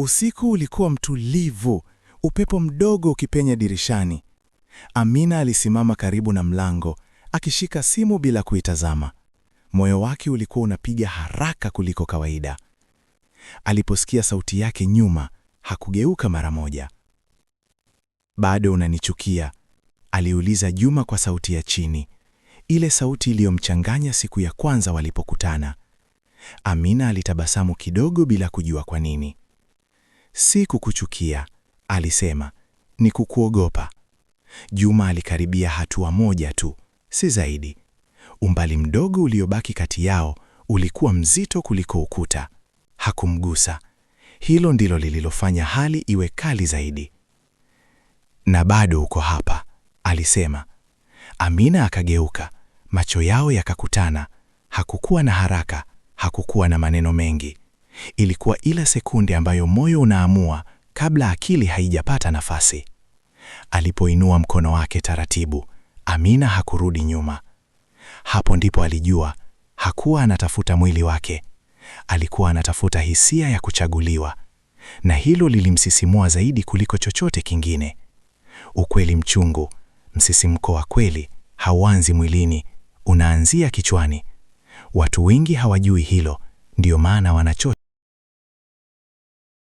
Usiku ulikuwa mtulivu, upepo mdogo ukipenya dirishani. Amina alisimama karibu na mlango, akishika simu bila kuitazama. Moyo wake ulikuwa unapiga haraka kuliko kawaida. Aliposikia sauti yake nyuma, hakugeuka mara moja. Bado unanichukia? aliuliza Juma kwa sauti ya chini, ile sauti iliyomchanganya siku ya kwanza walipokutana. Amina alitabasamu kidogo bila kujua kwa nini. Si kukuchukia, alisema, ni kukuogopa. Juma alikaribia hatua moja tu, si zaidi. Umbali mdogo uliobaki kati yao ulikuwa mzito kuliko ukuta. Hakumgusa. Hilo ndilo lililofanya hali iwe kali zaidi. Na bado uko hapa, alisema. Amina akageuka, macho yao yakakutana. Hakukuwa na haraka, hakukuwa na maneno mengi. Ilikuwa ile sekunde ambayo moyo unaamua kabla akili haijapata nafasi. Alipoinua mkono wake taratibu, Amina hakurudi nyuma. Hapo ndipo alijua hakuwa anatafuta mwili wake, alikuwa anatafuta hisia ya kuchaguliwa, na hilo lilimsisimua zaidi kuliko chochote kingine. Ukweli mchungu, msisimko wa kweli hauanzi mwilini, unaanzia kichwani. Watu wengi hawajui hilo, ndio maana wanacho